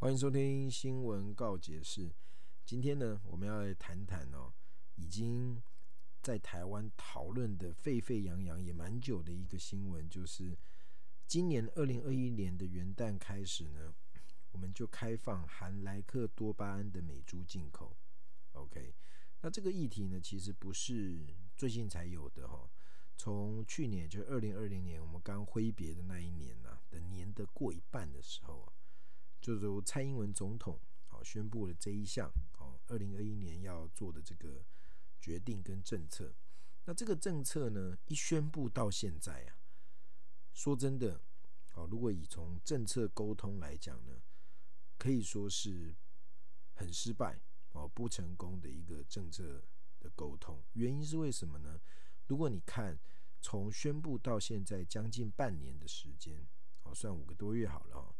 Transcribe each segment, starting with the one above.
歡迎收聽新聞告解室。今天呢，我們要來談談哦，已經在台灣討論的沸沸揚揚也蠻久的一個新聞，就是今年二零二一年的元旦開始呢，我們就開放含萊克多巴胺的美豬進口。OK，那這個議題呢，其實不是最近才有的哈、哦，從去年就是二零二零年我們剛揮別的那一年吶，等年的過一半的時候啊。就是說，蔡英文總統啊，宣布了這一項二零二一年要做的這個決定跟政策。那這個政策呢，一宣布到現在啊，說真的，如果以從政策溝通來講呢，可以說是很失敗不成功的一個政策的溝通。原因是為什麼呢？如果你看從宣布到現在將近半年的時間，算五個多月好了，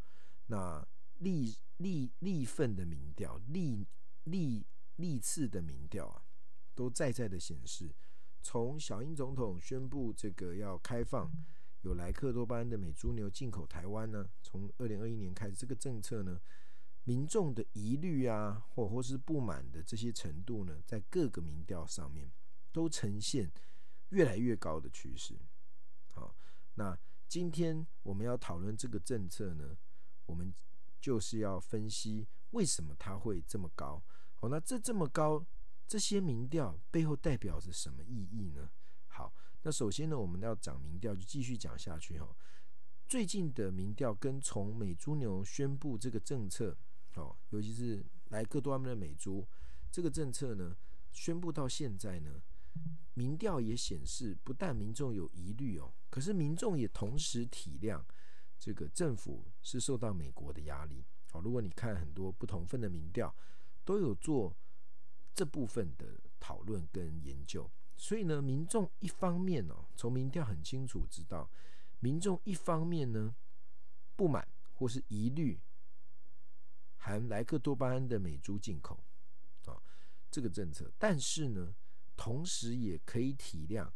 那。歷歷歷份的民調，歷歷歷次的民調啊，都在在的顯示，從小英總統宣布這個要開放有萊克多巴胺的美豬牛進口台灣呢、啊，從二零二一年開始，這個政策呢，民眾的疑慮啊，或或是不滿的這些程度呢，在各個民調上面都呈現越來越高的趨勢。好，那今天我們要討論這個政策呢，我們。就是要分析為什麼它會這麼高？好，那這這麼高，這些民調背後代表着什麼意義呢？好，那首先呢，我們要講民調，就繼續講下去哦，最近的民調跟從美豬牛宣布這個政策，哦，尤其是萊克多巴胺的美豬這個政策呢，宣布到現在呢，民調也顯示，不但民眾有疑慮哦，可是民眾也同時體諒。這個政府是受到美國的壓力好、哦，如果你看很多不同份的民調，都有做這部分的討論跟研究，所以呢，民眾一方面呢、哦，從民調很清楚知道，民眾一方面呢不滿或是疑慮含萊克多巴胺的美豬進口啊、哦、這個政策，但是呢，同時也可以體諒，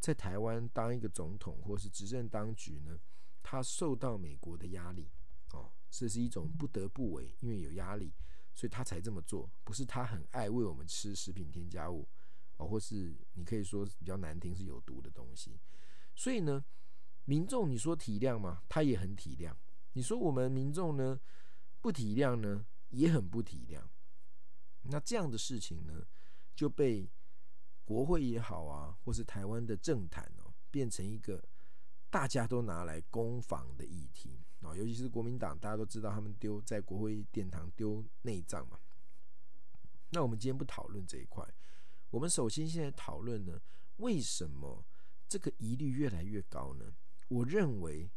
在台灣當一個總統或是執政當局呢。他受到美國的壓力，哦，這是一種不得不為，因為有壓力，所以他才這麼做，不是他很愛為我們吃食品添加物，哦，或是你可以說比較難聽，是有毒的東西。所以呢，民眾你說體諒嗎？他也很體諒。你說我們民眾呢，不體諒呢，也很不體諒。那這樣的事情呢，就被國會也好啊，或是台灣的政壇哦，變成一個。大家都拿來攻防的議題啊，尤其是國民黨，大家都知道他們丟在國會殿堂丟內臟嘛。那我們今天不討論這一塊，我們首先現在討論呢，為什麼這個疑慮越來越高呢？我認為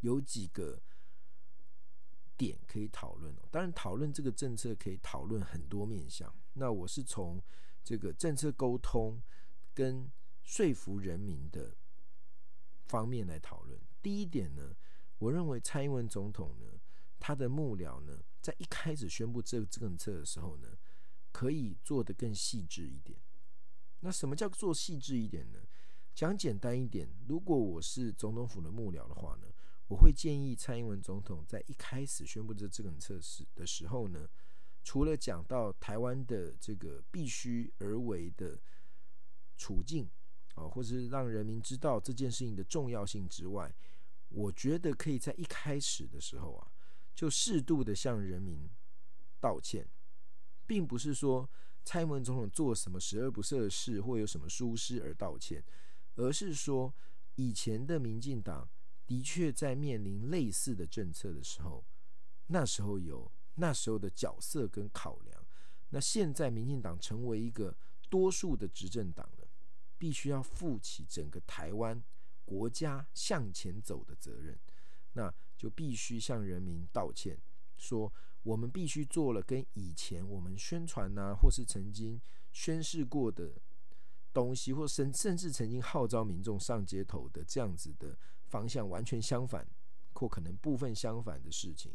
有幾個點可以討論。當然，討論這個政策可以討論很多面向。那我是從這個政策溝通跟說服人民的。方面來討論。第一點呢，我認為蔡英文總統呢，他的幕僚呢，在一開始宣布這政策的時候呢，可以做得更細緻一點。那什麼叫做細緻一點呢？講簡單一點，如果我是總統府的幕僚的話呢，我會建議蔡英文總統在一開始宣布這政策時的時候呢，除了講到台灣的這個必須而為的處境，或者是讓人民知道這件事情的重要性之外，我覺得可以在一開始的時候啊，就適度的向人民道歉，並不是說蔡英文總統做什麼十惡不赦的事或有什麼疏失，而道歉，而是說以前的民進黨的確在面臨類似的政策的時候，那時候有那時候的角色跟考量，那現在民進黨成為一個多數的執政黨。必須要負起整個台灣國家向前走的責任，那就必須向人民道歉，說我們必須做了跟以前我們宣傳啊，或是曾經宣示過的東西，或甚甚至曾經號召民眾上街頭的這樣子的方向完全相反，或可能部分相反的事情。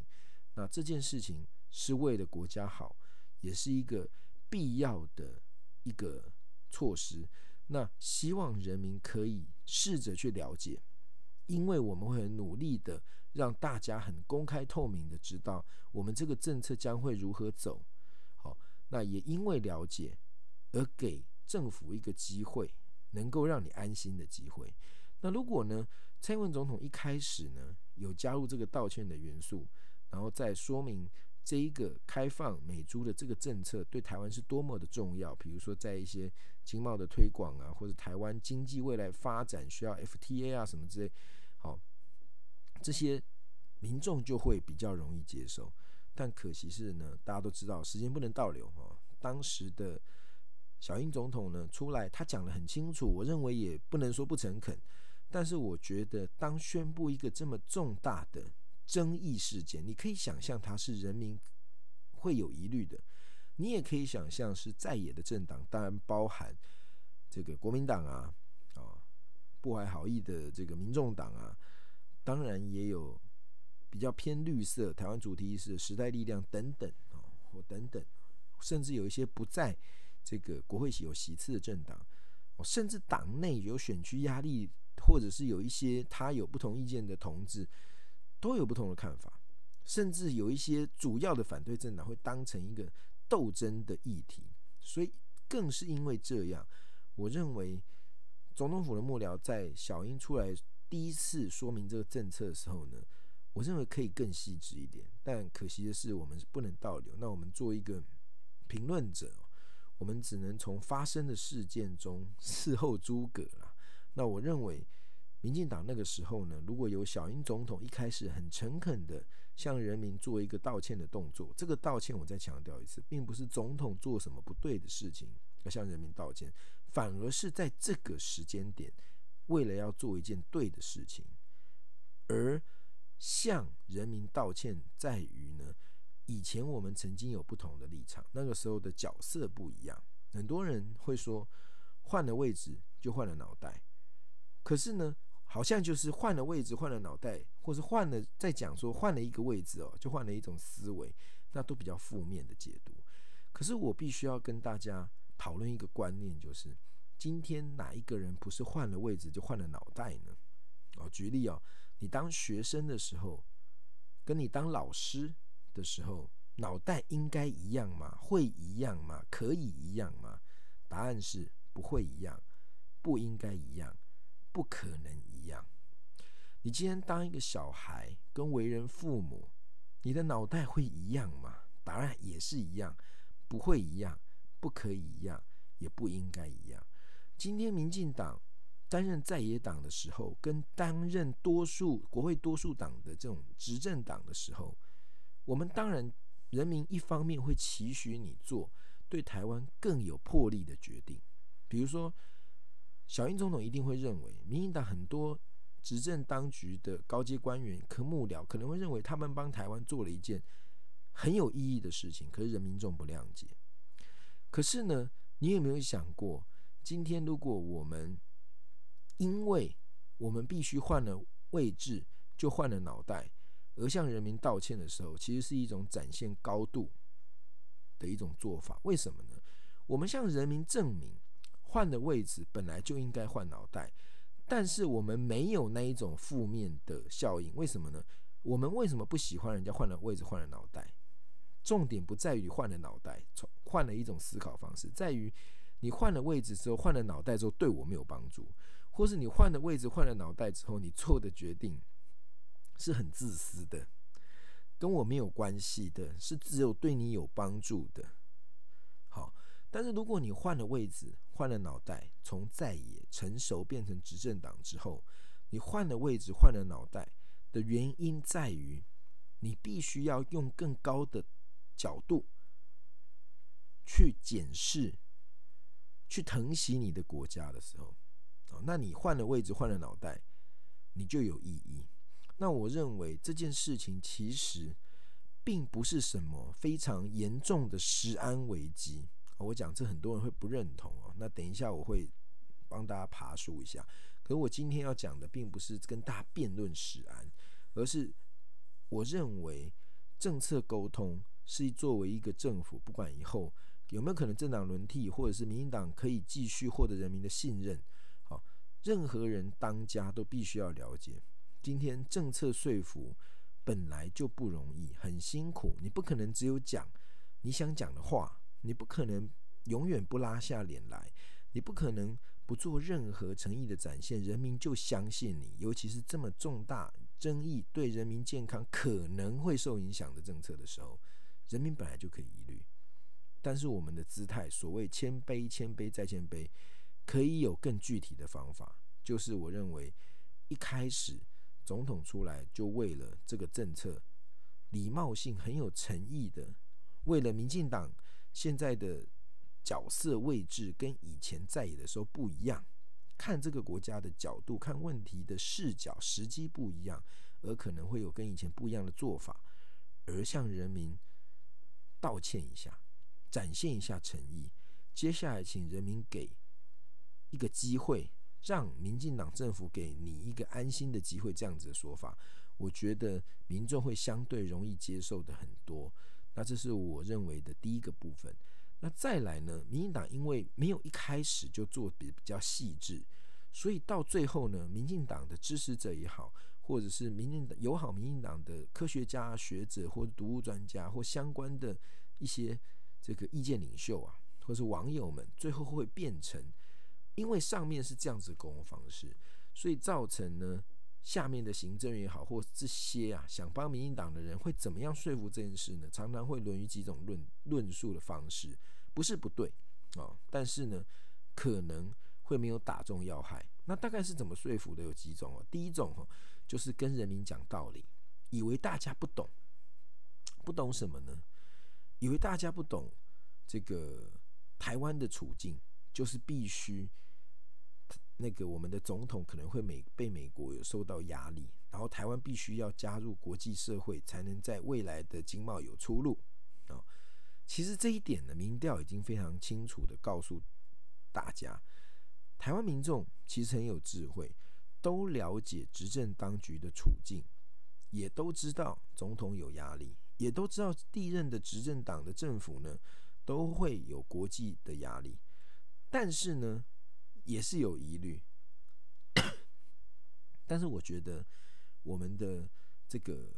那這件事情是為了國家好，也是一個必要的一個措施。那希望人民可以試着去了解，因為我們會很努力的讓大家很公開透明的知道我們這個政策將會如何走。好，那也因為了解，而給政府一個機會，能夠讓你安心的機會。那如果呢，蔡英文總統一開始呢，有加入這個道歉的元素，然後再說明。這一個開放美豬的這個政策對台灣是多麼的重要，比如說在一些經貿的推廣啊，或者台灣經濟未來發展需要 FTA 啊什麼之類，好，哦，這些民眾就會比較容易接受。但可惜是呢，大家都知道時間不能倒流啊，哦。當時的，小英總統呢出來，他講得很清楚，我認為也不能說不誠懇。但是我覺得當宣布一個這麼重大的。爭議事件，你可以想象它是人民會有疑慮的。你也可以想象是在野的政黨，當然包含這個國民黨啊，啊，不懷好意的這個民眾黨啊，當然也有比較偏綠色台灣主體意識的時代力量等等啊，或等等，甚至有一些不在這個國會有席次的政黨，甚至黨內有選區壓力，或者是有一些他有不同意見的同志。都有不同的看法，甚至有一些主要的反對政黨會當成一個鬥爭的議題，所以更是因為這樣，我認為總統府的幕僚在小英出來第一次說明這個政策的時候呢，我認為可以更細緻一點，但可惜的是我們不能倒流，那我們做一個評論者，我們只能從發生的事件中事後諸葛了。那我認為。民進黨那個時候呢，如果有小英總統一開始很誠懇的向人民做一個道歉的動作，這個道歉我再強調一次，並不是總統做什麼不對的事情要向人民道歉，反而是在這個時間點，為了要做一件對的事情，而向人民道歉，在於呢，以前我們曾經有不同的立場，那個時候的角色不一樣，很多人會說換了位置就換了腦袋，可是呢。好像就是換了位置，換了腦袋，或是換了，在講說換了一個位置哦，就換了一種思維，那都比較負面的解讀。可是我必須要跟大家討論一個觀念，就是今天哪一個人不是換了位置就換了腦袋呢？哦，舉例哦，你當學生的時候，跟你當老師的時候，腦袋應該一樣嗎？會一樣嗎？可以一樣嗎？答案是不會一樣，不應該一樣，不可能一樣。一樣，你既然當一個小孩，跟為人父母，你的腦袋會一樣嗎？答案也是一樣，不會一樣，不可以一樣，也不應該一樣。今天民進黨擔任在野黨的時候，跟擔任多數國會多數黨的這種執政黨的時候，我們當然人民一方面會期許你做對台灣更有魄力的決定，比如說。小英總統一定會認為，民進黨很多執政當局的高級官員和幕僚，可能會認為他們幫台灣做了一件很有意義的事情。可是人民眾不諒解。可是呢，你有沒有想過，今天如果我們因為我們必須換了位置，就換了腦袋，而向人民道歉的時候，其實是一種展現高度的一種做法。為什麼呢？我們向人民證明。換了位置本來就應該換腦袋，但是我們沒有那一種負面的效應，為什麼呢？我們為什麼不喜歡人家換了位置換了腦袋？重點不在於換了腦袋，換換了一種思考方式，在於你換了位置之後換了腦袋之後對我沒有幫助，或是你換了位置換了腦袋之後你做的決定是很自私的，跟我沒有關係的，是只有對你有幫助的。但是，如果你換了位置、換了腦袋，從在野成熟變成執政黨之後，你換了位置、換了腦袋的原因在於，你必須要用更高的角度去檢視、去疼惜你的國家的時候，啊，那你換了位置、換了腦袋，你就有意義。那我認為這件事情其實並不是什麼非常嚴重的食安危機。我講這很多人會不認同哦、喔，那等一下我會幫大家爬梳一下。可我今天要講的並不是跟大家辯論食安，而是我認為政策溝通是作為一個政府，不管以後有沒有可能政黨輪替，或者是民進黨可以繼續獲得人民的信任，好，任何人當家都必須要了解。今天政策說服本來就不容易，很辛苦，你不可能只有講你想講的話。你不可能永遠不拉下臉來，你不可能不做任何誠意的展現，人民就相信你。尤其是這麼重大爭議、對人民健康可能會受影響的政策的時候，人民本來就可以疑慮。但是我們的姿態，所謂謙卑、謙卑再謙卑，可以有更具體的方法，就是我認為一開始總統出來就為了這個政策，禮貌性很有誠意的，為了民進黨。現在的角色位置跟以前在野的時候不一樣，看這個國家的角度，看問題的視角，時機不一樣，而可能會有跟以前不一樣的做法，而向人民道歉一下，展現一下誠意。接下來，請人民給一個機會，讓民進黨政府給你一個安心的機會，這樣子的說法，我覺得民眾會相對容易接受的很多。那這是我認為的第一個部分。那再來呢？民進黨因為沒有一開始就做比較細緻，所以到最後呢，民進黨的支持者也好，或者是民進黨友好民進黨的科學家、學者，或者毒物專家，或者相關的一些這個意見領袖啊，或者是網友們，最後會變成因為上面是這樣子的溝通方式，所以造成呢。下面的行政也好，或是這些啊想幫民進黨的人會怎麼樣說服這件事呢？常常會淪於幾種論論述的方式，不是不對啊、哦，但是呢可能會沒有打中要害。那大概是怎麼說服的？有幾種哦。第一種就是跟人民講道理，以為大家不懂，不懂什麼呢？以為大家不懂這個台灣的處境，就是必須。那個我們的總統可能會美被美國有受到壓力，然後台灣必須要加入國際社會，才能在未來的經貿有出路啊、哦。其實這一點呢，民調已經非常清楚地告訴大家，台灣民眾其實很有智慧，都了解執政當局的處境，也都知道總統有壓力，也都知道歷任的執政黨的政府呢，都會有國際的壓力，但是呢。也是有疑慮， 但是我覺得我們的這個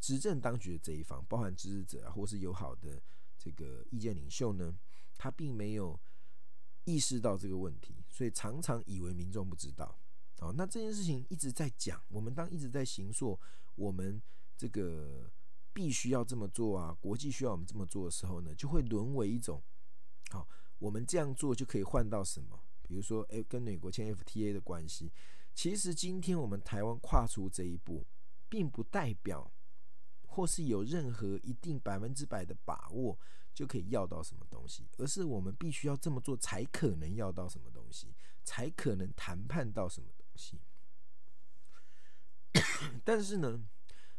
執政當局的這一方，包含支持者啊，或是友好的這個意見領袖呢，他並沒有意識到這個問題，所以常常以為民眾不知道。哦，那這件事情一直在講，我們當一直在形塑我們這個必須要這麼做啊，國際需要我們這麼做的時候呢，就會淪為一種好，我們這樣做就可以換到什麼？比如說，哎、欸，跟美國簽 FTA 的關係，其實今天我們台灣跨出這一步，並不代表或是有任何一定百分之百的把握就可以要到什麼東西，而是我們必須要這麼做才可能要到什麼東西，才可能談判到什麼東西。 但是呢，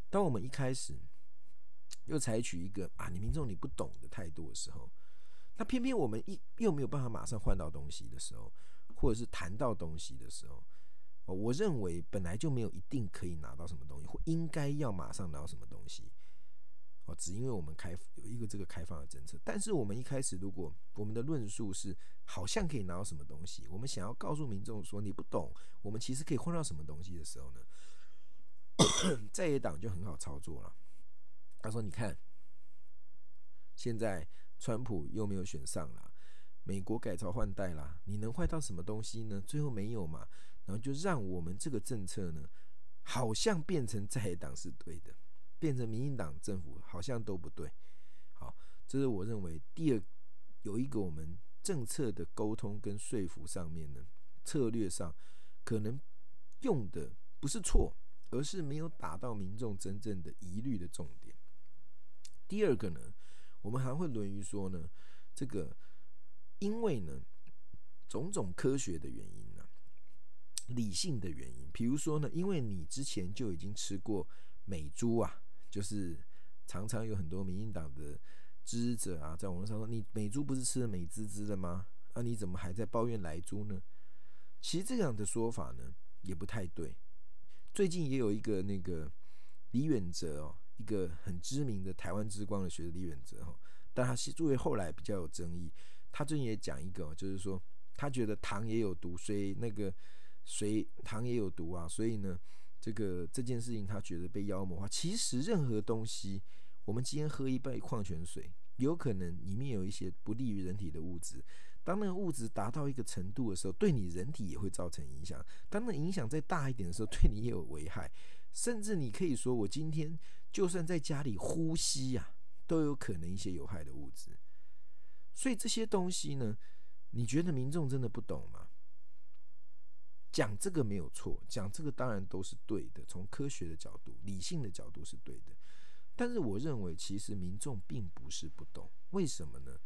當我們一開始又採取一個啊，你民眾你不懂的態度的時候，那偏偏我們一又沒有辦法馬上換到東西的時候，或者是談到東西的時候，我認為本來就沒有一定可以拿到什麼東西，或應該要馬上拿到什麼東西，哦，只因為我們開有一個這個開放的政策。但是我們一開始如果我們的論述是好像可以拿到什麼東西，我們想要告訴民眾說你不懂，我們其實可以換到什麼東西的時候呢，在野黨就很好操作了。他說：“你看，現在。”川普又沒有選上啦，美國改朝換代啦，你能換到什麼東西呢？最後沒有嘛，然後就讓我們這個政策呢，好像變成在野黨是對的，變成民進黨政府好像都不對。好，這是我認為第二，有一個我們政策的溝通跟說服上面呢，策略上可能用的不是錯，而是沒有打到民眾真正的疑慮的重點。第二個呢？我們還會論於說呢，這個因為呢種種科學的原因呢、啊，理性的原因，比如說呢，因為你之前就已經吃過美豬啊，就是常常有很多民進黨的支持者啊，在網絡上說，你美豬不是吃的美滋滋的嗎？那、啊、你怎麼還在抱怨萊豬呢？其實這樣的說法呢也不太對。最近也有一個那個李遠哲哦、喔。一個很知名的台灣之光的學者李遠哲，哈，但是作為後來比較有爭議，他最近也講一個，就是說他覺得糖也有毒，所以那個水糖也有毒啊，所以呢，這個這件事情他覺得被妖魔化。其實任何東西，我們今天喝一杯礦泉水，有可能裡面有一些不利於人體的物質。當那個物質達到一個程度的時候，對你人體也會造成影響。當那影響再大一點的時候，對你也有危害。甚至你可以說，我今天。就算在家裡呼吸呀、啊，都有可能一些有害的物質。所以這些東西呢，你覺得民眾真的不懂嗎？講這個沒有錯，講這個當然都是對的，從科學的角度、理性的角度是對的。但是我認為，其實民眾並不是不懂。為什麼呢？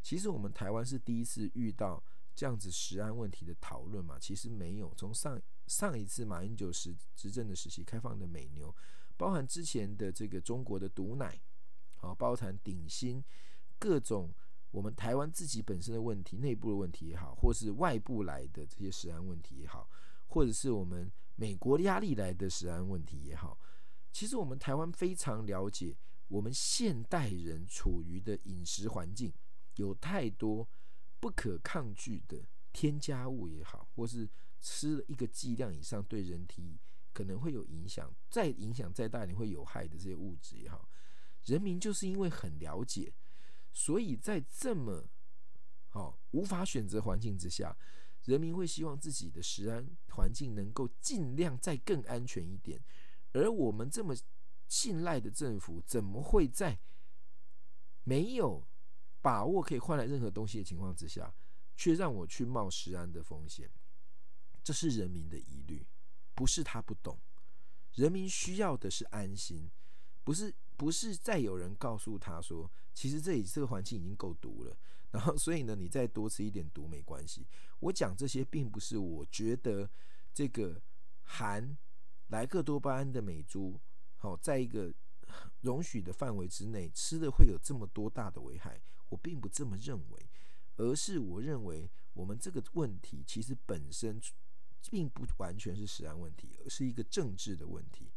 其實我們台灣是第一次遇到這樣子食安問題的討論嘛，其實沒有，從上上一次馬英九時執政的時期，開放的美牛。包含之前的這個中國的毒奶，好，包含頂新各種我們台灣自己本身的問題、內部的問題也好，或是外部來的這些食安問題也好，或者是我們美國壓力來的食安問題也好，其實我們台灣非常了解，我們現代人處於的飲食環境有太多不可抗拒的添加物也好，或是吃了一個劑量以上對人體。可能會有影響，再影響再大，你會有害的這些物質也好，人民就是因為很了解，所以在這麼好、哦、無法選擇環境之下，人民會希望自己的食安環境能夠盡量再更安全一點。而我們這麼信賴的政府，怎麼會在沒有把握可以換來任何東西的情況之下，卻讓我去冒食安的風險？這是人民的疑慮。不是他不懂，人民需要的是安心，不是不是再有人告訴他說，其實這裡這個環境已經夠毒了，然後所以呢，你再多吃一點毒沒關係。我講這些並不是我覺得這個含萊克多巴胺的美豬，好在一個容許的範圍之內吃了會有這麼多大的危害，我並不這麼認為，而是我認為我們這個問題其實本身，並不完全是食安問題，而是一個政治的問題。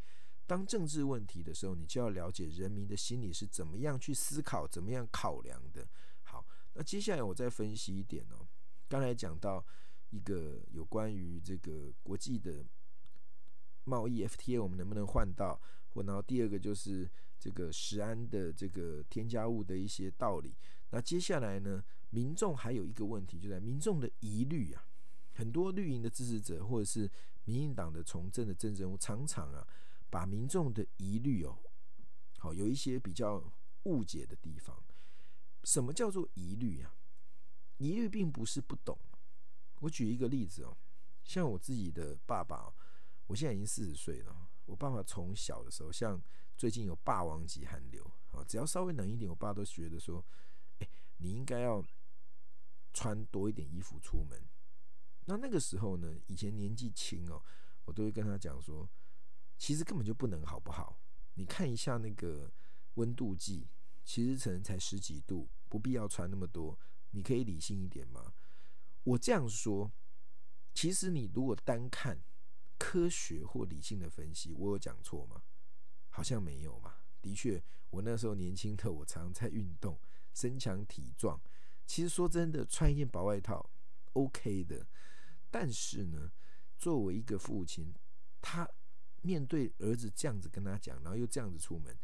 當政治問題的時候，你就要了解人民的心理是怎麼樣去思考，怎麼樣考量的。好，那接下來我再分析一點哦。剛才講到一個有關於這個國際的貿易 FTA，我們能不能換到？然後第二個就是這個食安的這個添加物的一些道理。那接下來呢，民眾還有一個問題，就是民眾的疑慮啊。很多綠營的支持者，或者是民進黨的從政的政治人物，常常啊，把民眾的疑慮哦，好，有一些比較誤解的地方。什麼叫做疑慮啊？疑慮並不是不懂。我舉一個例子哦，像我自己的爸爸哦，我現在已經四十歲了。我爸爸從小的時候，像最近有霸王級寒流啊，只要稍微冷一點，我爸都覺得說，哎，你應該要穿多一點衣服出門。那那個時候呢，以前年紀輕哦，我都會跟他講說，其實根本就不能好不好？你看一下那個溫度計，其實可能才十幾度，不必要穿那麼多，你可以理性一點嗎？我這樣說，其實你如果單看科學或理性的分析，我有講錯嗎？好像沒有嘛。的確，我那時候年輕的，我常常在運動，身強體壯。其實說真的，穿一件薄外套 OK 的。但是呢，作為一個父親，他面對兒子，這樣子跟他講，然後又這樣子出門，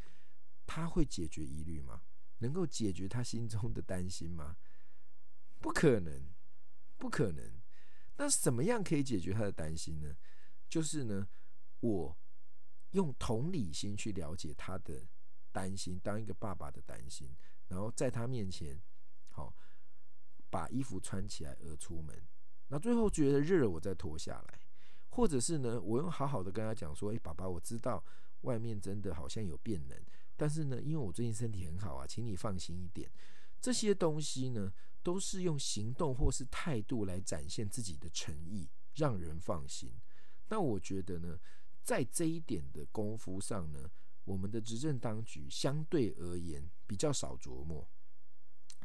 他會解決疑慮嗎？能夠解決他心中的擔心嗎？不可能，不可能。那怎麼樣可以解決他的擔心呢？就是呢，我用同理心去了解他的擔心，當一個爸爸的擔心，然後在他面前，好、哦，把衣服穿起來而出門。那最後覺得熱了，我再脫下來，或者是呢，我用好好的跟他講說：“哎、欸，爸爸，我知道外面真的好像有變冷，但是呢，因為我最近身體很好啊，請你放心一點。”這些東西呢，都是用行動或是態度來展現自己的誠意，讓人放心。那我覺得呢，在這一點的功夫上呢，我們的執政當局相對而言比較少琢磨，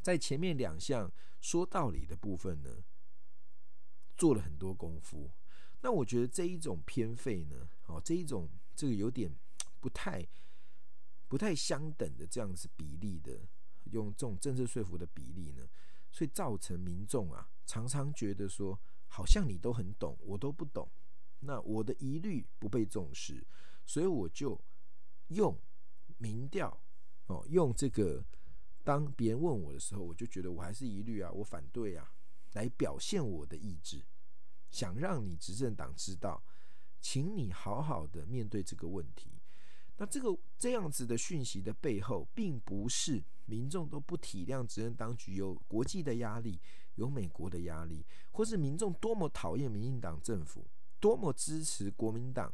在前面兩項說道理的部分呢，做了很多功夫，那我覺得這一種偏廢呢，哦，這一種這個有點不太不太相等的這樣子比例的，用這種政治說服的比例呢，所以造成民眾啊常常覺得說，好像你都很懂，我都不懂，那我的疑慮不被重視，所以我就用民調哦，用這個當別人問我的時候，我就覺得我還是疑慮啊，我反對啊。來表現我的意志，想讓你執政黨知道，請你好好的面對這個問題。那這個這樣子的訊息的背後，並不是民眾都不體諒執政當局有國際的壓力，有美國的壓力，或是民眾多麼討厭民進黨政府，多麼支持國民黨，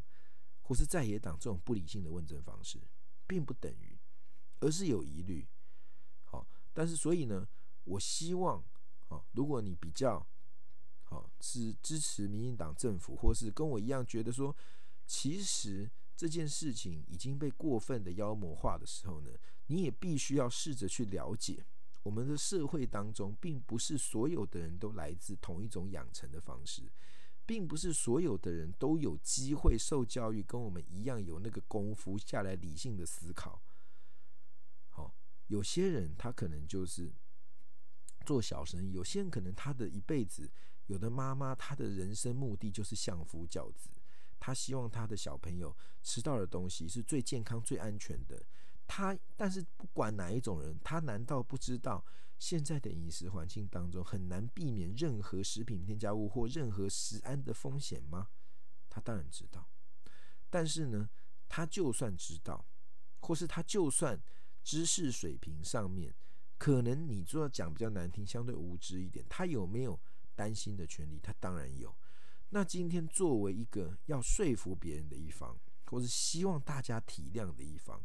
或是在野黨這種不理性的問政方式，並不等於，而是有疑慮。好、哦，但是所以呢，我希望，如果你比較好是支持民進黨政府，或是跟我一樣覺得說，其實這件事情已經被過分的妖魔化的時候呢，你也必須要試着去了解，我們的社會當中，並不是所有的人都來自同一種養成的方式，並不是所有的人都有機會受教育，跟我們一樣有那個功夫下來理性的思考。有些人他可能就是。做小生意，有些人可能他的一輩子，有的媽媽她的人生目的就是相夫教子，她希望她的小朋友吃到的東西是最健康、最安全的。她，但是不管哪一種人，他難道不知道現在的飲食環境當中很難避免任何食品添加物或任何食安的風險嗎？他當然知道，但是呢，他就算知道，或是他就算知識水平上面。可能你就要講比較難聽，相對無知一點。他有沒有擔心的權利？他當然有。那今天作為一個要說服別人的一方，或是希望大家體諒的一方，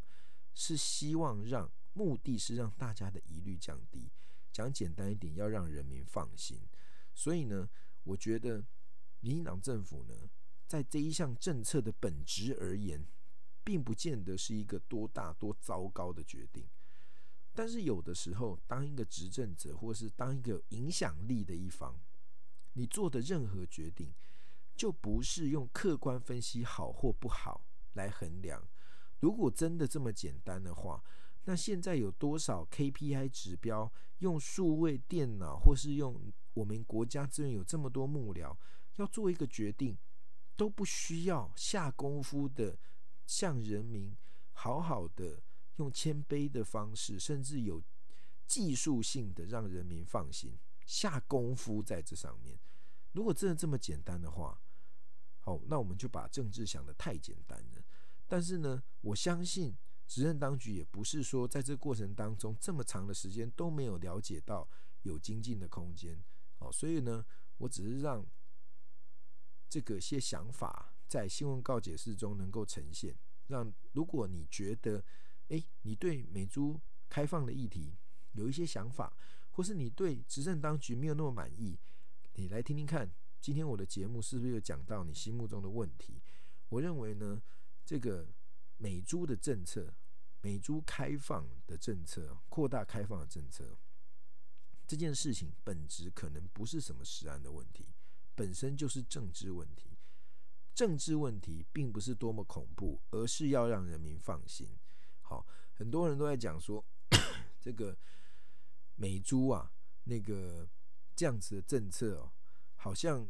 是希望讓目的，是讓大家的疑慮降低。講簡單一點，要讓人民放心。所以呢，我覺得民進黨政府呢，在這一項政策的本質而言，並不見得是一個多大多糟糕的決定。但是有的時候，當一個執政者，或是當一個影響力的一方，你做的任何決定，就不是用客觀分析好或不好來衡量。如果真的這麼簡單的話，那現在有多少 KPI 指標，用數位電腦，或是用我們國家資源有這麼多幕僚，要做一個決定，都不需要下功夫的向人民好好的。用謙卑的方式，甚至有技術性的讓人民放心，下功夫在這上面。如果真的這麼簡單的話，好，那我們就把政治想得太簡單了。但是呢，我相信執政當局也不是說在這過程當中這麼長的時間都沒有了解到有精進的空間。哦，所以呢，我只是讓這個些想法在新聞告解室中能夠呈現。讓如果你覺得，誒，你對美豬開放的議題有一些想法，或是你對執政當局沒有那麼滿意，你來聽聽看，今天我的節目是不是有講到你心目中的問題？我認為呢，這個美豬的政策，美豬開放的政策，擴大開放的政策，這件事情本質可能不是什麼食安的問題，本身就是政治問題。政治問題並不是多麼恐怖，而是要讓人民放心。好，很多人都在講說， 這個美豬啊，那個這樣子的政策哦、喔，好像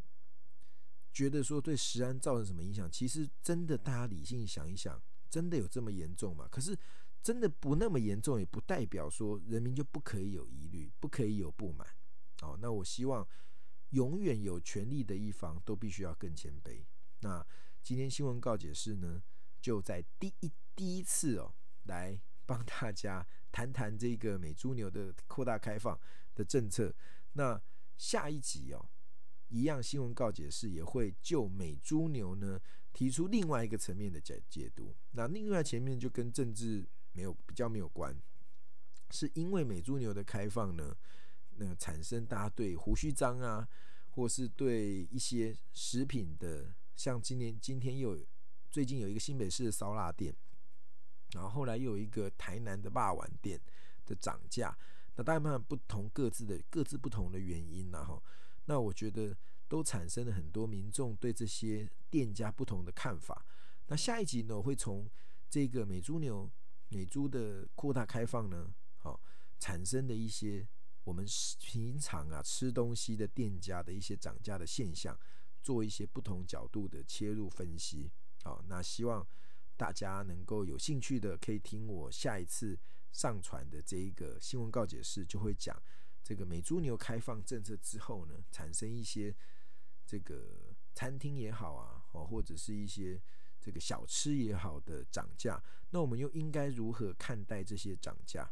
覺得說對食安造成什麼影響。其實真的，大家理性想一想，真的有這麼嚴重嗎？可是真的不那麼嚴重，也不代表說人民就不可以有疑慮，不可以有不滿。哦，那我希望永遠有權利的一方都必須要更謙卑。那今天新聞告解室呢，就在第一第一次哦、喔。來幫大家談談這個美豬牛的擴大開放的政策。那下一集哦，一樣新聞告解室也會就美豬牛呢提出另外一個層面的解解讀。那另外一個層面就跟政治沒有比較沒有關，是因為美豬牛的開放呢，那、呃、產生大家對鬍鬚章啊，或是對一些食品的，像今年今天又有最近有一個新北市的燒臘店。然後後來又有一個台南的霸王店的漲價，那當然不同各自的各自不同的原因啦，哈。那我覺得都產生了很多民眾對這些店家不同的看法。那下一集呢，我會從這個美豬牛美豬的擴大開放呢，好，哦，產生的一些我們平常啊吃東西的店家的一些漲價的現象，做一些不同角度的切入分析，好，哦，那希望。大家能夠有興趣的，可以聽我下一次上傳的這一個新聞告解室，就會講這個美豬牛開放政策之後呢，產生一些這個餐廳也好啊，哦或者是一些這個小吃也好的漲價，那我們又應該如何看待這些漲價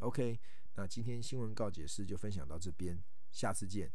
？OK，那今天新聞告解室就分享到這邊，下次見。